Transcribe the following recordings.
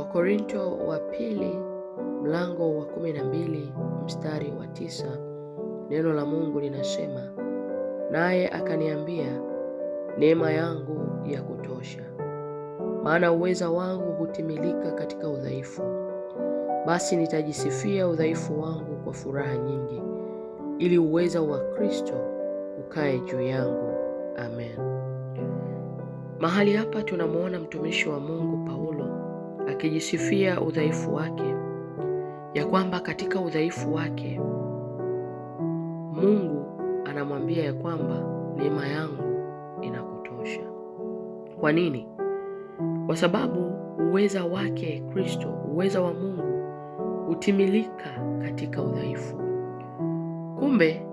Wakorinto wa pili mlango wa kumi na mbili mstari wa tisa neno la Mungu linasema, naye akaniambia, neema yangu ya kutosha, maana uweza wangu hutimilika katika udhaifu. Basi nitajisifia udhaifu wangu kwa furaha nyingi, ili uweza wa Kristo ukae juu yangu. Amen. Mahali hapa tunamwona mtumishi wa Mungu Paulo akijisifia udhaifu wake, ya kwamba katika udhaifu wake Mungu anamwambia ya kwamba neema yangu inakutosha. Kwa nini? Kwa sababu uweza wake Kristo, uweza wa Mungu hutimilika katika udhaifu. Kumbe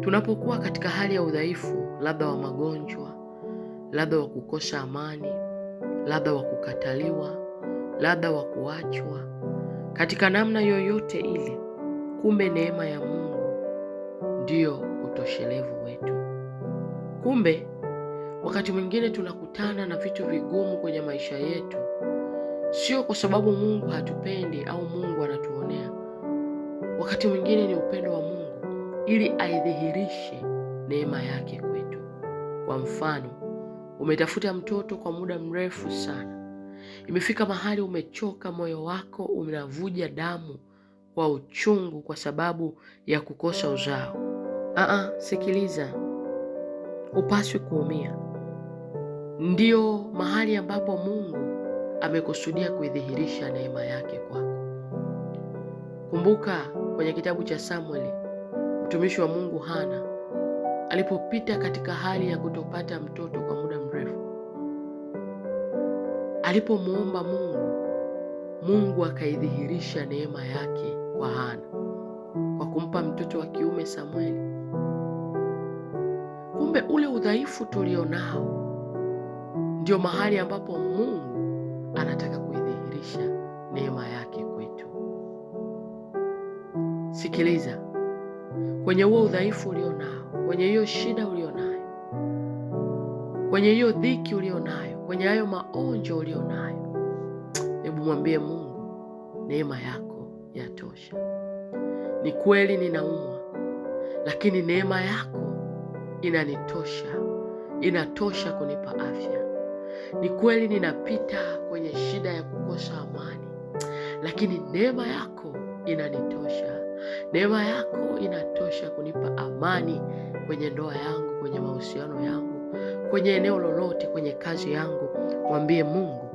tunapokuwa katika hali ya udhaifu, labda wa magonjwa, labda wa kukosa amani, labda wa kukataliwa labda wa kuachwa katika namna yoyote ile. Kumbe neema ya Mungu ndiyo utoshelevu wetu. Kumbe wakati mwingine tunakutana na vitu vigumu kwenye maisha yetu, sio kwa sababu Mungu hatupendi au Mungu anatuonea. Wakati mwingine ni upendo wa Mungu ili aidhihirishe neema yake kwetu. Kwa mfano, umetafuta mtoto kwa muda mrefu sana Imefika mahali umechoka, moyo wako unavuja damu kwa uchungu kwa sababu ya kukosa uzao. Aa, sikiliza, upaswi kuumia. Ndio mahali ambapo Mungu amekusudia kuidhihirisha neema yake kwako. Kumbuka kwenye kitabu cha Samueli, mtumishi wa Mungu Hana alipopita katika hali ya kutopata mtoto kwa muda Alipomwomba Mungu, Mungu akaidhihirisha neema yake kwa Hana kwa kumpa mtoto wa kiume Samueli. Kumbe ule udhaifu tulionao ndio mahali ambapo Mungu anataka kuidhihirisha neema yake kwetu. Sikiliza, kwenye huo udhaifu ulionao, kwenye hiyo shida ulionayo, kwenye hiyo dhiki ulionayo kwenye hayo maonjo ulio nayo. Hebu mwambie Mungu, neema yako yatosha. Ni kweli ninaumwa, lakini neema yako inanitosha, inatosha kunipa afya. Ni kweli ninapita kwenye shida ya kukosa amani, lakini neema yako inanitosha. Neema yako inatosha kunipa amani kwenye ndoa yangu, kwenye mahusiano yangu kwenye eneo lolote, kwenye kazi yangu, mwambie Mungu,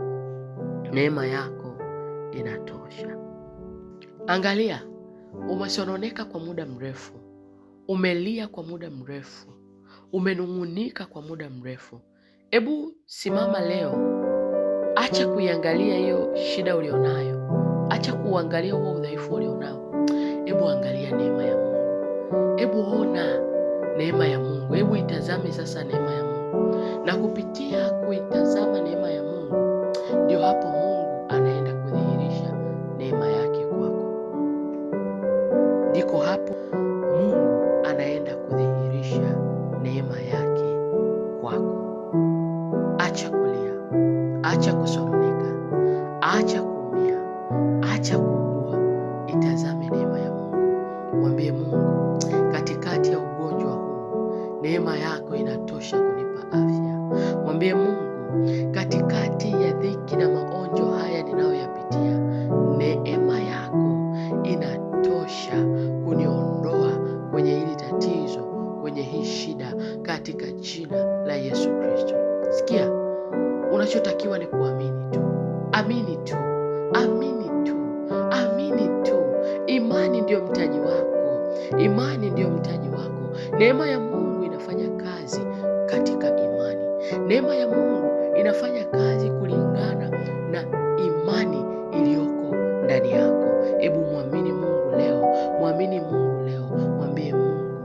neema yako inatosha. Angalia, umesononeka kwa muda mrefu, umelia kwa muda mrefu, umenung'unika kwa muda mrefu. Hebu simama leo, acha kuiangalia hiyo shida ulionayo, acha kuangalia huo udhaifu ulionao. Hebu angalia neema ya Mungu, hebu ona neema ya Mungu, hebu itazame sasa neema ya Mungu na kupitia kuita Mwambie Mungu, katikati ya dhiki na maonjo haya ninayoyapitia, neema yako inatosha kuniondoa kwenye hili tatizo, kwenye hii shida, katika jina la Yesu Kristo. Sikia, unachotakiwa ni kuamini tu, amini tu, amini tu, amini tu. Imani ndiyo mtaji wako, imani ndiyo mtaji wako. Neema ya Mungu Neema ya Mungu inafanya kazi kulingana na imani iliyoko ndani yako. Hebu mwamini Mungu leo, mwamini Mungu leo, mwambie Mungu,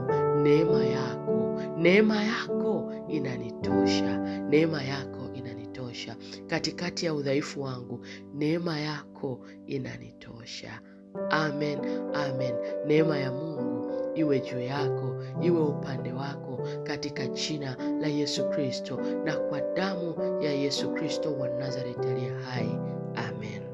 neema yako, neema yako inanitosha, neema yako inanitosha katikati ya udhaifu wangu, neema yako inanitosha. Amen, amen. Neema ya Mungu iwe juu yako, iwe upande wako, katika jina la Yesu Kristo na kwa damu ya Yesu Kristo wa Nazareti aliye hai, amen.